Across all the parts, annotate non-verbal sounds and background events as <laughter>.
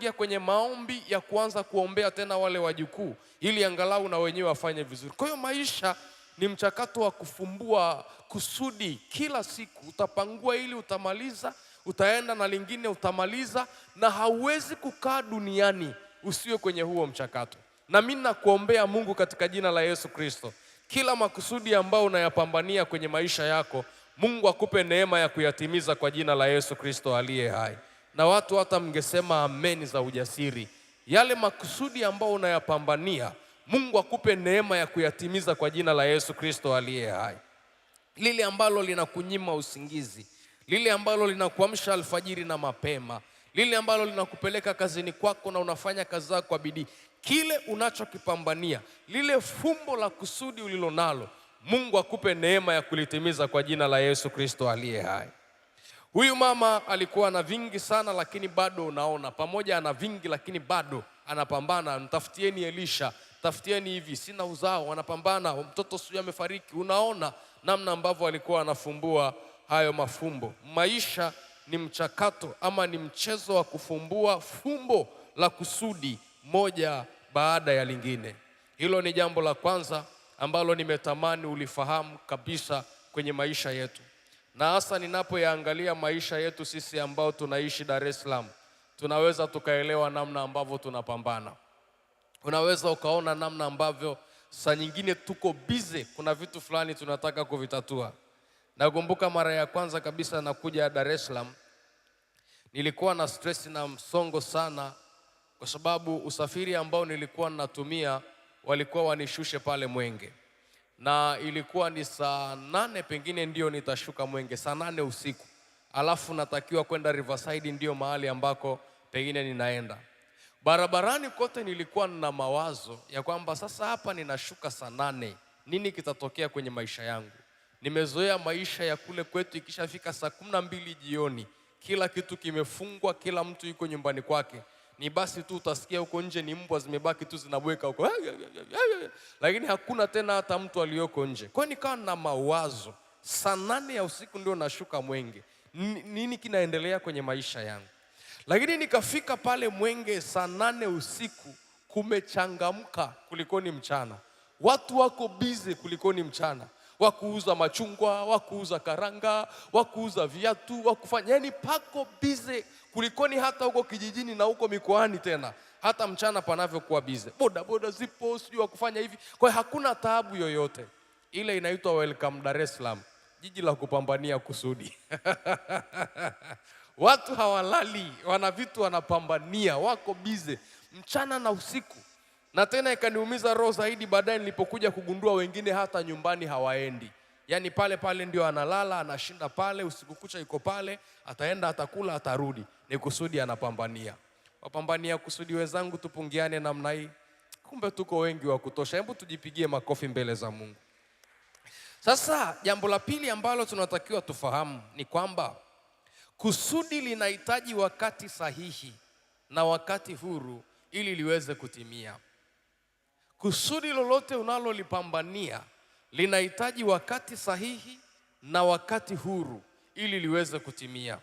unaingia kwenye maombi ya kuanza kuombea tena wale wajukuu, ili angalau na wenyewe wafanye vizuri. Kwa hiyo maisha ni mchakato wa kufumbua kusudi kila siku. Utapangua ili utamaliza, utaenda na lingine utamaliza, na hauwezi kukaa duniani usiwe kwenye huo mchakato. Na mimi nakuombea Mungu katika jina la Yesu Kristo, kila makusudi ambayo unayapambania kwenye maisha yako, Mungu akupe neema ya kuyatimiza kwa jina la Yesu Kristo aliye hai na watu hata mngesema ameni za ujasiri. Yale makusudi ambayo unayapambania, Mungu akupe neema ya kuyatimiza kwa jina la Yesu Kristo aliye hai. Lile ambalo linakunyima usingizi, lile ambalo linakuamsha alfajiri na mapema, lile ambalo linakupeleka kazini kwako na unafanya kazi zako kwa bidii, kile unachokipambania, lile fumbo la kusudi ulilonalo, Mungu akupe neema ya kulitimiza kwa jina la Yesu Kristo aliye hai. Huyu mama alikuwa na vingi sana, lakini bado unaona, pamoja ana vingi, lakini bado anapambana. Mtafutieni Elisha, tafutieni hivi, sina uzao, anapambana, mtoto sijui amefariki. Unaona namna ambavyo alikuwa anafumbua hayo mafumbo. Maisha ni mchakato ama ni mchezo wa kufumbua fumbo la kusudi moja baada ya lingine. Hilo ni jambo la kwanza ambalo nimetamani ulifahamu kabisa kwenye maisha yetu na hasa ninapoyaangalia maisha yetu sisi ambao tunaishi Dar es Salaam, tunaweza tukaelewa namna ambavyo tunapambana. Unaweza ukaona namna ambavyo saa nyingine tuko bize, kuna vitu fulani tunataka kuvitatua. Nakumbuka mara ya kwanza kabisa nakuja Dar es Salaam, nilikuwa na stress na msongo sana, kwa sababu usafiri ambao nilikuwa natumia walikuwa wanishushe pale Mwenge na ilikuwa ni saa nane pengine ndio nitashuka Mwenge saa nane usiku, alafu natakiwa kwenda Riverside, ndiyo mahali ambako pengine ninaenda. Barabarani kote nilikuwa na mawazo ya kwamba sasa hapa ninashuka saa nane, nini kitatokea kwenye maisha yangu? Nimezoea maisha ya kule kwetu, ikishafika saa kumi na mbili jioni kila kitu kimefungwa, kila mtu yuko nyumbani kwake ni basi tu utasikia huko nje ni mbwa zimebaki tu zinabweka huko, eh, eh, eh, lakini hakuna tena hata mtu aliyoko nje. Kwa hiyo nikawa na mawazo, saa nane ya usiku ndio nashuka Mwenge, nini kinaendelea kwenye maisha yangu? Lakini nikafika pale Mwenge saa nane usiku, kumechangamka kulikoni mchana, watu wako bize kulikoni mchana wakuuza machungwa, wakuuza karanga, wakuuza viatu, kufanya yani, pako bize kulikoni hata huko kijijini na huko mikoani, tena hata mchana panavyokuwa bize, boda boda zipo, sijui wakufanya hivi. Kwa hiyo hakuna taabu yoyote ile, inaitwa welcome Dar es Salaam, jiji la kupambania kusudi <laughs> watu hawalali, wana vitu wanapambania, wako bize mchana na usiku na tena ikaniumiza roho zaidi baadaye nilipokuja kugundua wengine hata nyumbani hawaendi, yaani pale pale ndio analala, anashinda pale usiku kucha, iko pale, ataenda atakula, atarudi, ni kusudi anapambania. Wapambania kusudi wenzangu, tupungiane namna hii, kumbe tuko wengi wa kutosha. Hebu tujipigie makofi mbele za Mungu. Sasa jambo la pili ambalo tunatakiwa tufahamu ni kwamba kusudi linahitaji wakati sahihi na wakati huru ili liweze kutimia. Kusudi lolote unalolipambania linahitaji wakati sahihi na wakati huru ili liweze kutimia.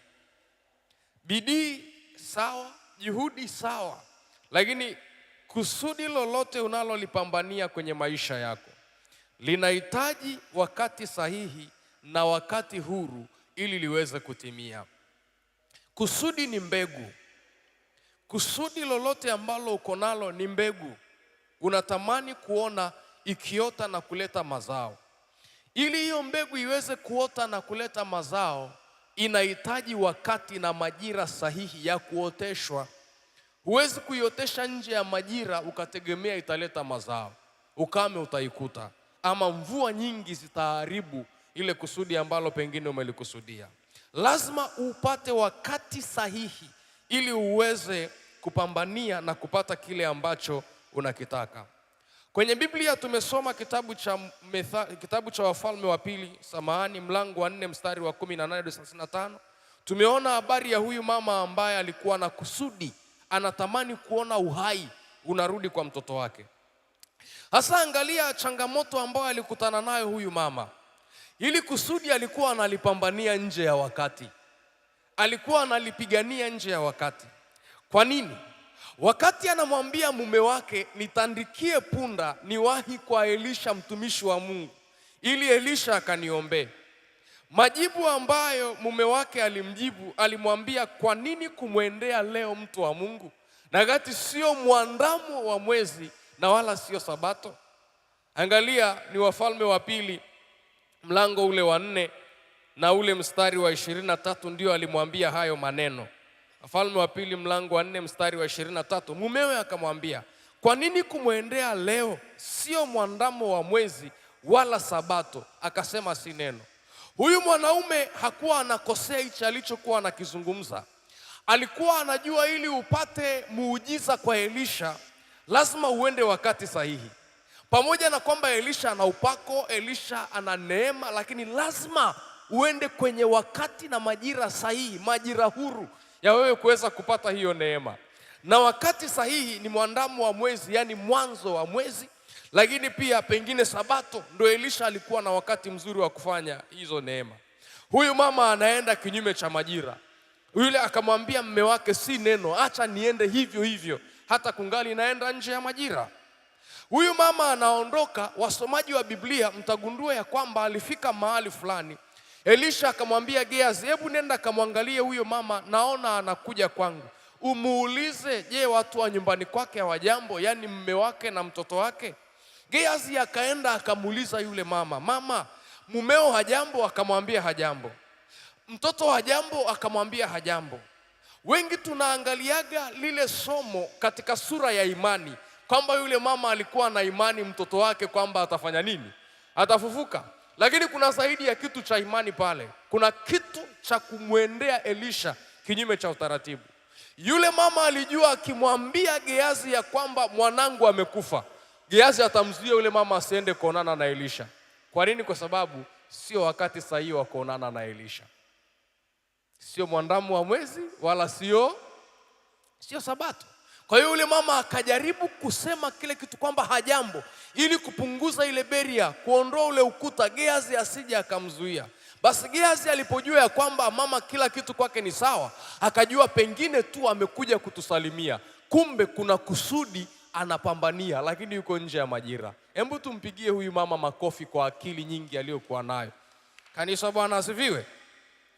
Bidii sawa, juhudi sawa, lakini kusudi lolote unalolipambania kwenye maisha yako linahitaji wakati sahihi na wakati huru ili liweze kutimia. Kusudi ni mbegu. Kusudi lolote ambalo uko nalo ni mbegu unatamani kuona ikiota na kuleta mazao. Ili hiyo mbegu iweze kuota na kuleta mazao, inahitaji wakati na majira sahihi ya kuoteshwa. Huwezi kuiotesha nje ya majira ukategemea italeta mazao. Ukame utaikuta, ama mvua nyingi zitaharibu ile kusudi ambalo pengine umelikusudia. Lazima upate wakati sahihi ili uweze kupambania na kupata kile ambacho unakitaka. Kwenye Biblia tumesoma kitabu cha, metha, kitabu cha Wafalme wa Pili samahani, mlango wa nne mstari wa kumi na nane hadi thelathini na tano tumeona habari ya huyu mama ambaye alikuwa na kusudi, anatamani kuona uhai unarudi kwa mtoto wake. Hasa angalia changamoto ambayo alikutana nayo huyu mama. Ili kusudi alikuwa analipambania nje ya wakati, alikuwa analipigania nje ya wakati. Kwa nini? Wakati anamwambia mume wake, nitandikie punda niwahi kwa Elisha mtumishi wa Mungu ili Elisha akaniombee. Majibu ambayo mume wake alimjibu, alimwambia, kwa nini kumwendea leo mtu wa Mungu na wakati sio mwandamo wa mwezi na wala sio Sabato? Angalia, ni Wafalme wa Pili mlango ule wa nne na ule mstari wa ishirini na tatu ndio alimwambia hayo maneno. Wafalme wa Pili mlango wa nne mstari wa ishirini na tatu. Mumewe akamwambia, kwa nini kumwendea leo? Sio mwandamo wa mwezi wala Sabato. Akasema, si neno. Huyu mwanaume hakuwa anakosea hichi alichokuwa anakizungumza. Alikuwa anajua ili upate muujiza kwa Elisha lazima uende wakati sahihi. Pamoja na kwamba Elisha ana upako, Elisha ana neema, lakini lazima uende kwenye wakati na majira sahihi, majira huru, ya wewe kuweza kupata hiyo neema. Na wakati sahihi ni mwandamo wa mwezi, yaani mwanzo wa mwezi, lakini pia pengine Sabato. Ndio Elisha alikuwa na wakati mzuri wa kufanya hizo neema. Huyu mama anaenda kinyume cha majira. Yule akamwambia mme wake, si neno, acha niende hivyo hivyo, hata kungali naenda nje ya majira. Huyu mama anaondoka. Wasomaji wa Biblia mtagundua ya kwamba alifika mahali fulani Elisha akamwambia Gehazi, hebu nenda kamwangalie huyo mama, naona anakuja kwangu, umuulize, je, watu wa nyumbani kwake hawajambo, yaani mme wake na mtoto wake? Gehazi akaenda akamuuliza yule mama, mama, mumeo hajambo? Akamwambia hajambo. Mtoto hajambo? Akamwambia hajambo. Wengi tunaangaliaga lile somo katika sura ya imani, kwamba yule mama alikuwa na imani mtoto wake kwamba atafanya nini, atafufuka lakini kuna zaidi ya kitu cha imani pale, kuna kitu cha kumwendea Elisha kinyume cha utaratibu. Yule mama alijua akimwambia Geazi ya kwamba mwanangu amekufa, Geazi atamzuia yule mama asiende kuonana na Elisha. Kwa nini? Kwa sababu sio wakati sahihi wa kuonana na Elisha, sio mwandamu wa mwezi wala sio sio Sabato. Kwa hiyo yule mama akajaribu kusema kile kitu kwamba hajambo, ili kupunguza ile beria, kuondoa ule ukuta, Gehazi asije akamzuia. Basi Gehazi alipojua ya kwamba mama kila kitu kwake ni sawa, akajua pengine tu amekuja kutusalimia, kumbe kuna kusudi anapambania, lakini yuko nje ya majira. Hebu tumpigie huyu mama makofi kwa akili nyingi aliyokuwa nayo. Kanisa, Bwana asifiwe.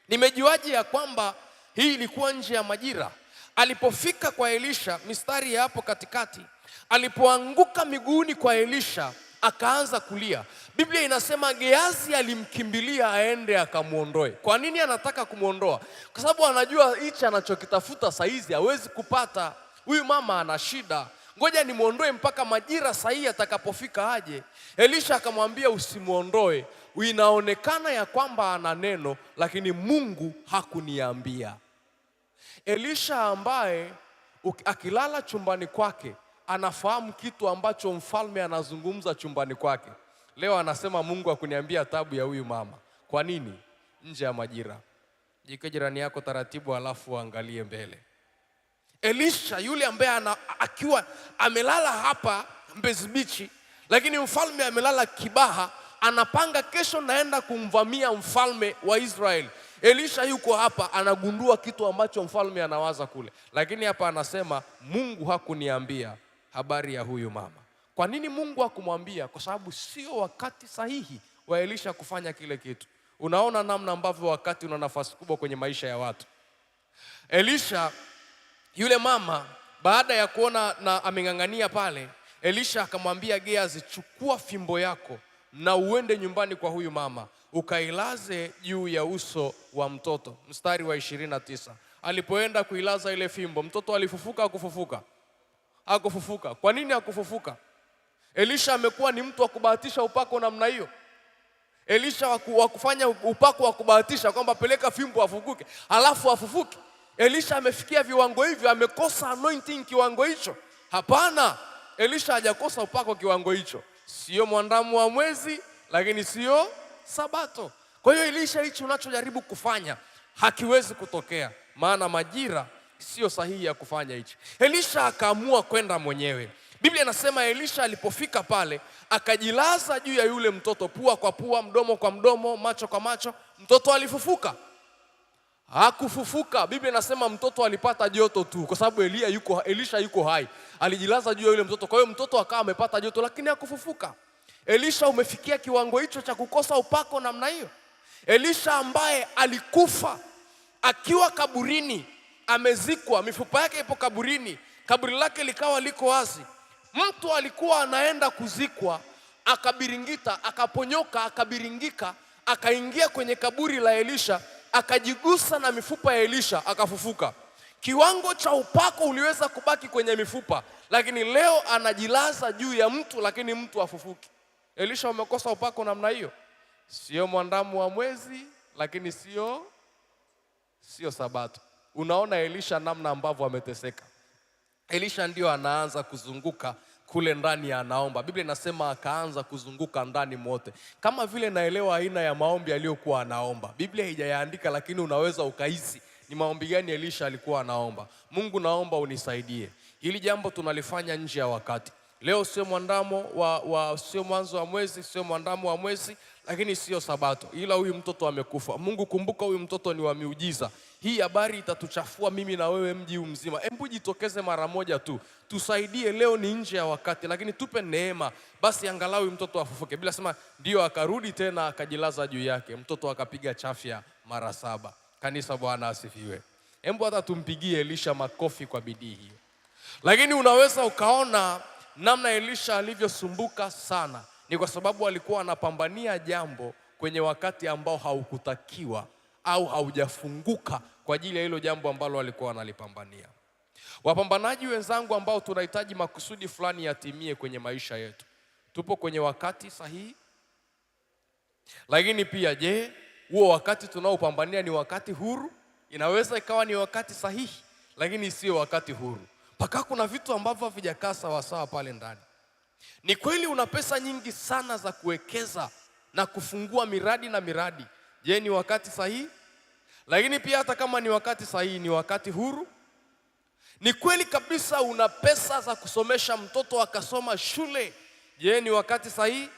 Nimejuaje ya kwamba hii ilikuwa nje ya majira? Alipofika kwa Elisha, mistari ya hapo katikati, alipoanguka miguuni kwa Elisha akaanza kulia. Biblia inasema Geazi alimkimbilia aende akamwondoe. Kwa nini anataka kumwondoa? Kwa sababu anajua hichi anachokitafuta hizi hawezi kupata. Huyu mama ana shida, ngoja nimwondoe mpaka majira sahihi atakapofika aje. Elisha akamwambia usimwondoe, inaonekana ya kwamba ana neno, lakini Mungu hakuniambia. Elisha ambaye akilala chumbani kwake anafahamu kitu ambacho mfalme anazungumza chumbani kwake. Leo anasema Mungu akuniambia tabu ya huyu mama. Kwa nini? Nje ya majira. Jike jirani yako taratibu, halafu angalie mbele. Elisha yule ambaye akiwa amelala hapa Mbezi Beach, lakini mfalme amelala Kibaha, anapanga kesho naenda kumvamia mfalme wa Israeli. Elisha yuko hapa anagundua kitu ambacho mfalme anawaza kule, lakini hapa anasema Mungu hakuniambia habari ya huyu mama. Kwa nini Mungu hakumwambia? Kwa sababu sio wakati sahihi wa Elisha kufanya kile kitu. Unaona namna ambavyo wakati una nafasi kubwa kwenye maisha ya watu. Elisha yule mama baada ya kuona na ameng'ang'ania pale, Elisha akamwambia Geazi, chukua fimbo yako na uende nyumbani kwa huyu mama ukailaze juu ya uso wa mtoto. Mstari wa ishirini na tisa alipoenda kuilaza ile fimbo, mtoto alifufuka? akufufuka akufufuka Kwa nini akufufuka Elisha amekuwa ni mtu wa kubahatisha upako namna hiyo? Elisha wa kufanya upako wa kubahatisha kwamba peleka fimbo afukuke, alafu afufuke? Elisha amefikia viwango hivyo? Amekosa anointing kiwango hicho? Hapana, Elisha hajakosa upako kiwango hicho. Sio mwandamu wa mwezi, lakini sio Sabato. Kwa hiyo Elisha, hichi unachojaribu kufanya hakiwezi kutokea, maana majira siyo sahihi ya kufanya hichi. Elisha akaamua kwenda mwenyewe. Biblia inasema Elisha alipofika pale akajilaza juu ya yule mtoto, pua kwa pua, mdomo kwa mdomo, macho kwa macho. Mtoto alifufuka? Hakufufuka. Biblia inasema mtoto alipata joto tu, kwa sababu Elia yuko, Elisha yuko hai. Alijilaza juu ya yule mtoto, kwa hiyo mtoto akawa amepata joto, lakini hakufufuka. Elisha, umefikia kiwango hicho cha kukosa upako namna hiyo? Elisha ambaye alikufa akiwa kaburini, amezikwa, mifupa yake ipo kaburini, kaburi lake likawa liko wazi. Mtu alikuwa anaenda kuzikwa, akabiringita, akaponyoka, akabiringika, akaingia kwenye kaburi la Elisha, akajigusa na mifupa ya Elisha, akafufuka. Kiwango cha upako uliweza kubaki kwenye mifupa, lakini leo anajilaza juu ya mtu, lakini mtu afufuki. Elisha umekosa upako namna hiyo, sio mwandamu wa mwezi, lakini sio sio Sabato. Unaona Elisha namna ambavyo ameteseka. Elisha ndio anaanza kuzunguka kule ndani anaomba. Biblia inasema akaanza kuzunguka ndani mwote, kama vile naelewa aina ya maombi aliyokuwa anaomba. Biblia haijayaandika, lakini unaweza ukahisi ni maombi gani Elisha alikuwa anaomba. Mungu, naomba unisaidie, hili jambo tunalifanya nje ya wakati Leo sio mwandamo wa, wa sio mwanzo wa mwezi, sio mwandamo wa mwezi, lakini sio Sabato, ila huyu mtoto amekufa. Mungu, kumbuka huyu mtoto ni wa miujiza. Hii habari itatuchafua mimi na wewe, mji huu mzima. Hebu jitokeze mara moja tu, tusaidie. Leo ni nje ya wakati, lakini tupe neema basi, angalau huyu mtoto afufuke. Bila sema ndio akarudi tena akajilaza juu yake, mtoto akapiga chafya mara saba. Kanisa, Bwana asifiwe. Hebu hata tumpigie Elisha makofi kwa bidii hiyo. Lakini unaweza ukaona namna Elisha alivyosumbuka sana ni kwa sababu alikuwa anapambania jambo kwenye wakati ambao haukutakiwa au haujafunguka kwa ajili ya hilo jambo ambalo alikuwa analipambania. Wapambanaji wenzangu ambao tunahitaji makusudi fulani yatimie kwenye maisha yetu, tupo kwenye wakati sahihi, lakini pia je, huo wakati tunaopambania ni wakati huru? Inaweza ikawa ni wakati sahihi, lakini sio wakati huru mpaka kuna vitu ambavyo havijakaa sawasawa pale ndani. Ni kweli una pesa nyingi sana za kuwekeza na kufungua miradi na miradi. Je, ni wakati sahihi? Lakini pia hata kama ni wakati sahihi, ni wakati huru? Ni kweli kabisa una pesa za kusomesha mtoto akasoma shule. Je, ni wakati sahihi?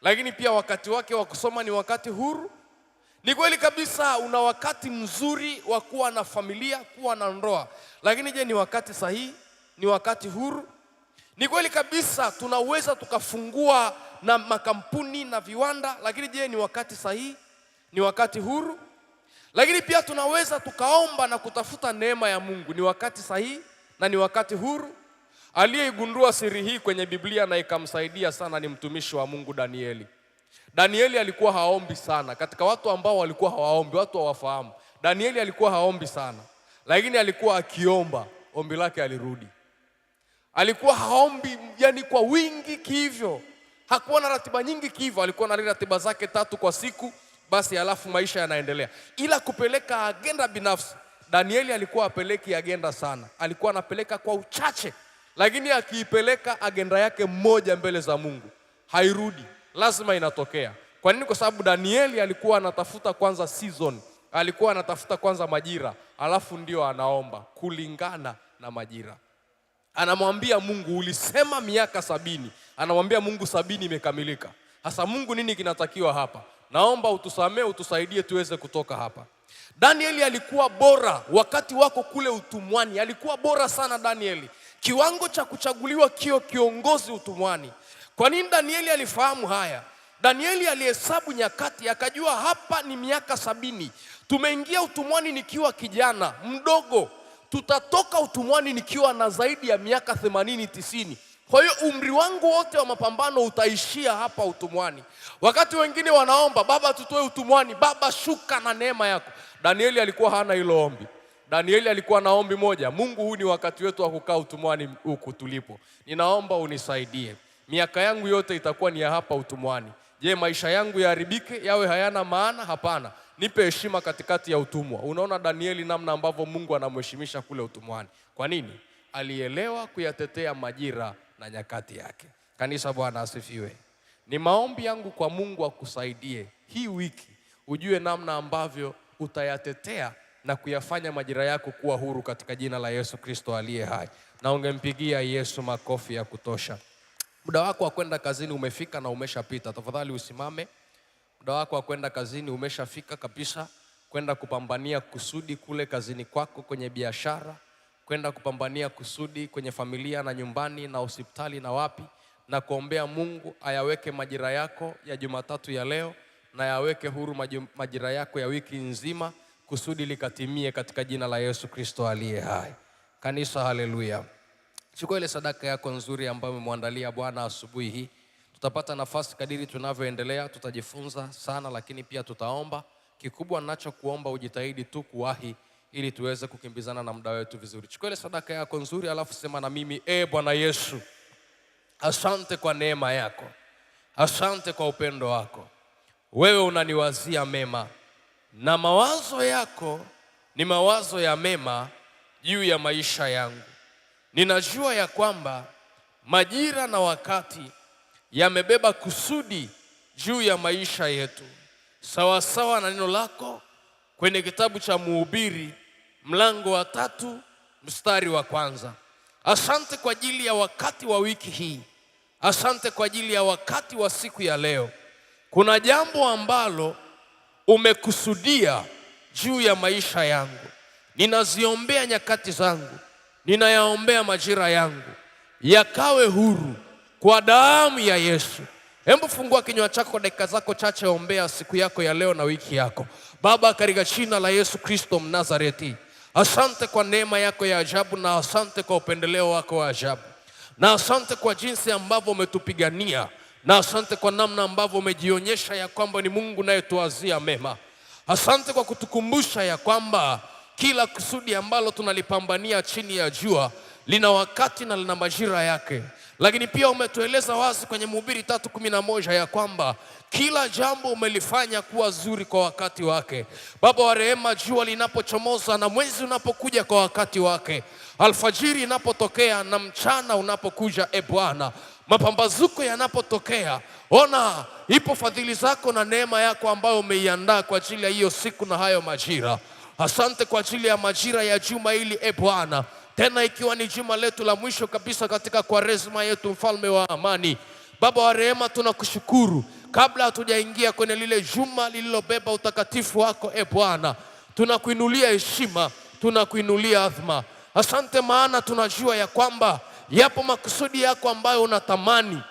Lakini pia wakati wake wa kusoma ni wakati huru? Ni kweli kabisa una wakati mzuri wa kuwa na familia, kuwa na ndoa, lakini je, ni wakati sahihi? Ni wakati huru? Ni kweli kabisa tunaweza tukafungua na makampuni na viwanda, lakini je, ni wakati sahihi? Ni wakati huru? Lakini pia tunaweza tukaomba na kutafuta neema ya Mungu, ni wakati sahihi na ni wakati huru? Aliyeigundua siri hii kwenye Biblia na ikamsaidia sana ni mtumishi wa Mungu Danieli. Danieli alikuwa haombi sana, katika watu ambao walikuwa hawaombi, watu hawafahamu. Danieli alikuwa haombi sana, lakini alikuwa akiomba, ombi lake alirudi. Alikuwa haombi yani kwa wingi kivyo, hakuwa na ratiba nyingi kivyo, alikuwa na ratiba zake tatu kwa siku, basi alafu maisha yanaendelea. Ila kupeleka agenda binafsi, Danieli alikuwa apeleki agenda sana, alikuwa anapeleka kwa uchache, lakini akiipeleka agenda yake mmoja mbele za Mungu hairudi lazima inatokea. Kwa nini? Kwa sababu Danieli alikuwa anatafuta kwanza season, alikuwa anatafuta kwanza majira, alafu ndio anaomba kulingana na majira. Anamwambia Mungu, ulisema miaka sabini. Anamwambia Mungu, sabini imekamilika. Hasa Mungu, nini kinatakiwa hapa? Naomba utusamee, utusaidie tuweze kutoka hapa. Danieli alikuwa bora wakati wako kule utumwani, alikuwa bora sana Danieli, kiwango cha kuchaguliwa kio kiongozi utumwani kwa nini Danieli alifahamu haya? Danieli alihesabu nyakati akajua hapa ni miaka sabini. Tumeingia utumwani nikiwa kijana mdogo, tutatoka utumwani nikiwa na zaidi ya miaka themanini tisini. Kwa hiyo umri wangu wote wa mapambano utaishia hapa utumwani. Wakati wengine wanaomba Baba, tutoe utumwani, Baba shuka na neema yako. Danieli alikuwa hana hilo ombi. Danieli alikuwa na ombi moja, Mungu, huu ni wakati wetu wa kukaa utumwani huku tulipo, ninaomba unisaidie miaka yangu yote itakuwa ni ya hapa utumwani. Je, maisha yangu yaharibike yawe hayana maana? Hapana, nipe heshima katikati ya utumwa. Unaona Danieli, namna ambavyo Mungu anamheshimisha kule utumwani. Kwa nini? Alielewa kuyatetea majira na nyakati yake. Kanisa, Bwana asifiwe. Ni maombi yangu kwa Mungu akusaidie hii wiki, ujue namna ambavyo utayatetea na kuyafanya majira yako kuwa huru katika jina la Yesu Kristo aliye hai. Na ungempigia Yesu makofi ya kutosha. Muda wako wa kwenda kazini umefika na umeshapita. Tafadhali usimame. Muda wako wa kwenda kazini umeshafika kabisa, kwenda kupambania kusudi kule kazini kwako, kwenye biashara, kwenda kupambania kusudi kwenye familia na nyumbani na hospitali na wapi, na kuombea Mungu ayaweke majira yako ya Jumatatu ya leo na yaweke huru majira yako ya wiki nzima, kusudi likatimie katika jina la Yesu Kristo aliye hai. Kanisa, haleluya! Chukua ile sadaka yako nzuri ambayo umemwandalia Bwana asubuhi hii. Tutapata nafasi kadiri tunavyoendelea, tutajifunza sana, lakini pia tutaomba. Kikubwa nachokuomba ujitahidi tu kuwahi ili tuweze kukimbizana na muda wetu vizuri. Chukua ile sadaka yako nzuri, alafu sema na mimi, e Bwana Yesu, asante kwa neema yako, asante kwa upendo wako. Wewe unaniwazia mema na mawazo yako ni mawazo ya mema juu ya maisha yangu. Ninajua ya kwamba majira na wakati yamebeba kusudi juu ya maisha yetu, sawasawa na neno lako kwenye kitabu cha Mhubiri mlango wa tatu mstari wa kwanza. Asante kwa ajili ya wakati wa wiki hii, asante kwa ajili ya wakati wa siku ya leo. Kuna jambo ambalo umekusudia juu ya maisha yangu. Ninaziombea nyakati zangu ninayaombea majira yangu yakawe huru kwa damu ya Yesu. Hebu fungua kinywa chako dakika zako chache, ombea siku yako ya leo na wiki yako. Baba, katika jina la Yesu Kristo Mnazareti, asante kwa neema yako ya ajabu, na asante kwa upendeleo wako wa ajabu, na asante kwa jinsi ambavyo umetupigania, na asante kwa namna ambavyo umejionyesha ya kwamba ni Mungu unayetuazia mema. Asante kwa kutukumbusha ya kwamba kila kusudi ambalo tunalipambania chini ya jua lina wakati na lina majira yake, lakini pia umetueleza wazi kwenye Mhubiri tatu kumi na moja ya kwamba kila jambo umelifanya kuwa zuri kwa wakati wake. Baba wa rehema, jua linapochomoza na mwezi unapokuja kwa wakati wake, alfajiri inapotokea na mchana unapokuja, e Bwana, mapambazuko yanapotokea, ona ipo fadhili zako na neema yako ambayo umeiandaa kwa ajili ya hiyo siku na hayo majira. Asante kwa ajili ya majira ya juma hili e Bwana, tena ikiwa ni juma letu la mwisho kabisa katika Kwaresma yetu, mfalme wa amani, Baba wa rehema, tunakushukuru. Kabla hatujaingia kwenye lile juma lililobeba utakatifu wako e Bwana, tunakuinulia heshima, tunakuinulia adhma. Asante maana tunajua ya kwamba yapo makusudi yako ambayo unatamani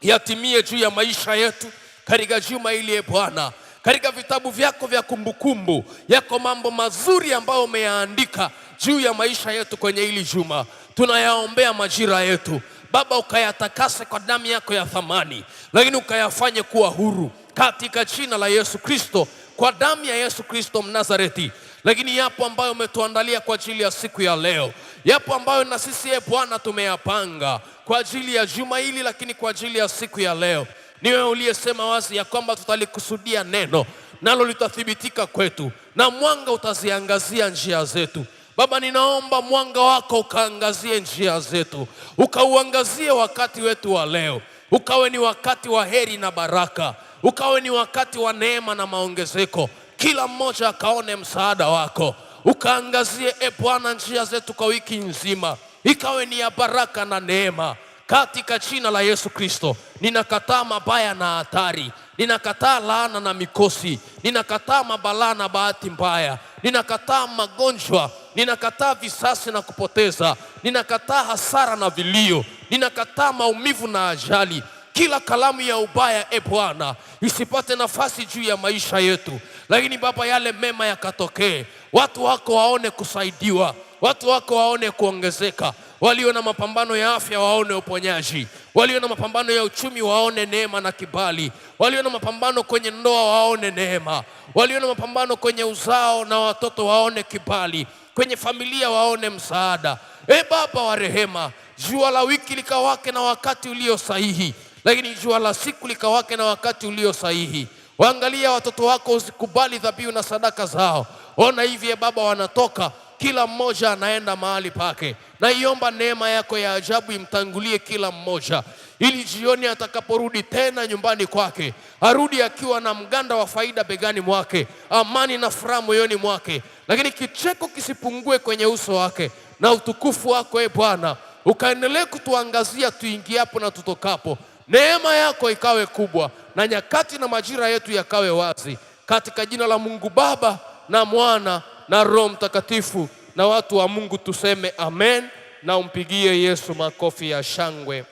yatimie juu ya maisha yetu katika juma hili e Bwana katika vitabu vyako vya kumbukumbu, yako mambo mazuri ambayo umeyaandika juu ya maisha yetu kwenye hili juma. Tunayaombea majira yetu Baba, ukayatakase kwa damu yako ya thamani, lakini ukayafanye kuwa huru katika jina la Yesu Kristo, kwa damu ya Yesu Kristo Mnazareti. Lakini yapo ambayo umetuandalia kwa ajili ya siku ya leo, yapo ambayo na sisi ye ee Bwana tumeyapanga kwa ajili ya juma hili, lakini kwa ajili ya siku ya leo ni wewe uliyesema wazi ya kwamba tutalikusudia neno nalo litathibitika kwetu na mwanga utaziangazia njia zetu. Baba, ninaomba mwanga wako ukaangazie njia zetu, ukauangazie wakati wetu wa leo, ukawe ni wakati wa heri na baraka, ukawe ni wakati wa neema na maongezeko, kila mmoja akaone msaada wako, ukaangazie e Bwana njia zetu kwa wiki nzima, ikawe ni ya baraka na neema katika jina la Yesu Kristo. Ninakataa mabaya na hatari, ninakataa laana na mikosi, ninakataa mabalaa na bahati mbaya, ninakataa magonjwa, ninakataa visasi na kupoteza, ninakataa hasara na vilio, ninakataa maumivu na ajali. Kila kalamu ya ubaya, e Bwana, isipate nafasi juu ya maisha yetu, lakini Baba, yale mema yakatokee, watu wako waone kusaidiwa, watu wako waone kuongezeka walio na mapambano ya afya waone uponyaji, walio na mapambano ya uchumi waone neema na kibali, walio na mapambano kwenye ndoa waone neema, walio na mapambano kwenye uzao na watoto waone kibali, kwenye familia waone msaada. E Baba wa rehema, jua la wiki likawake na wakati ulio sahihi, lakini jua la siku likawake na wakati ulio sahihi. Waangalia watoto wako, usikubali dhabihu na sadaka zao. Ona hivi, e Baba, wanatoka kila mmoja anaenda mahali pake. Naiomba neema yako ya ajabu imtangulie kila mmoja, ili jioni atakaporudi tena nyumbani kwake arudi akiwa na mganda wa faida begani mwake, amani na furaha moyoni mwake, lakini kicheko kisipungue kwenye uso wake, na utukufu wako e Bwana ukaendelee kutuangazia tuingiapo na tutokapo. Neema yako ikawe kubwa na nyakati na majira yetu yakawe wazi, katika jina la Mungu Baba na Mwana na Roho Mtakatifu na watu wa Mungu tuseme amen na umpigie Yesu makofi ya shangwe.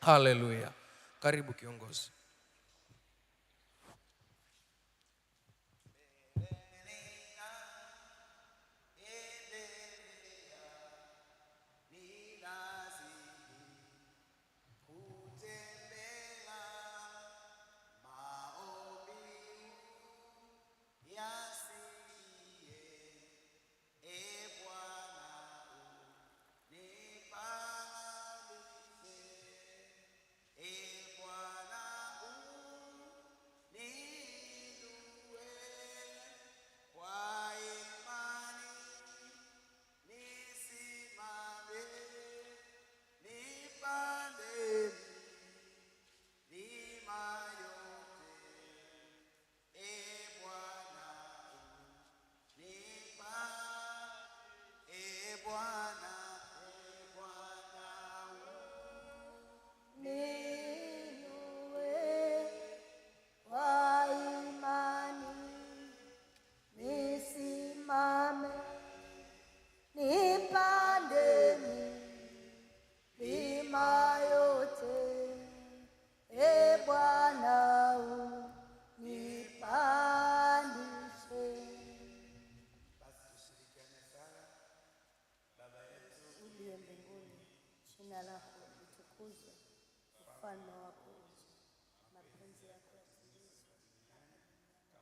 Haleluya! Karibu kiongozi.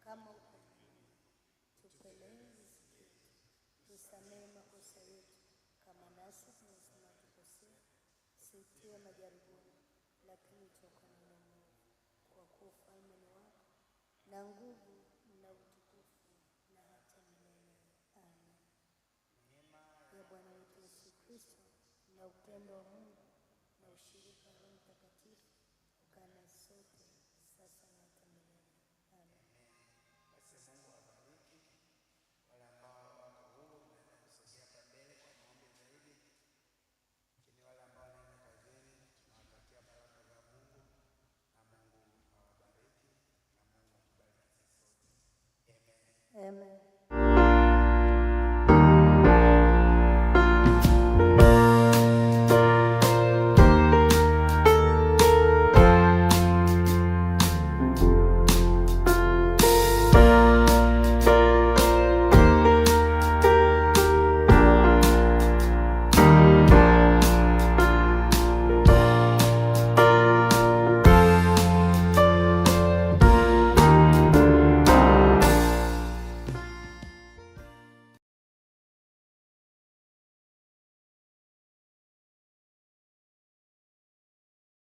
kama utupelezi tusamehe makosa yetu, kama nasi tunasema tukosea, sitie majaribuni, lakini tokana na Mungu, kwa kuwa ufalme ni wako na nguvu na utukufu na hata milele. Amen. Ya Bwana wetu Yesu Kristo na upendo wa Mungu Mwenyezi Mungu awabariki wale ambao wako huru, mnaenda kusogea hapa mbele kwa maombi zaidi, lakini wale ambao wanaenda kazini, tunawatakia baraka za Mungu na Mungu awabariki na Mungu atubariki sote. Amen. Amen.